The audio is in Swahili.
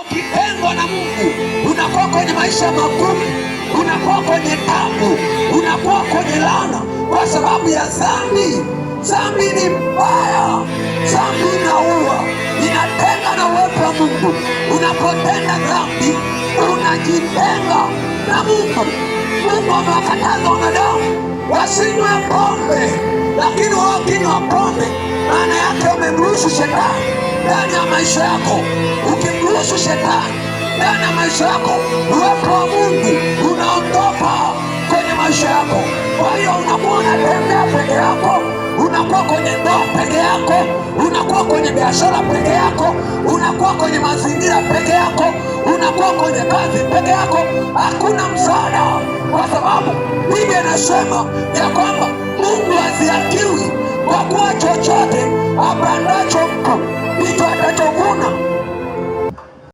ukipengwa na Mungu unakuwa kwenye maisha magumu, unakuwa kwenye tabu, unakuwa kwenye laana kwa sababu ya dhambi. Dhambi ni mbaya, dhambi inaua, inatenga na uwepo wa Mungu. Unapotenda dhambi unajitenga na Mungu. Mungu amewakataza wanadamu wasinywe pombe, lakini wao wakinywa pombe, maana yake wamemruhusu Shetani ndani ya maisha yako. Ukimruhusu shetani ndani ya maisha yako, uwepo wa Mungu unaondoka kwenye maisha yako. Kwa hiyo unakuwa unatembea peke yako, unakuwa kwenye ndoa peke yako, unakuwa kwenye biashara peke yako, unakuwa kwenye mazingira peke yako, unakuwa kwenye kazi peke yako, hakuna msaada, kwa sababu Biblia inasema ya kwamba Mungu haziakiwi kwa kuwa chochote apandacho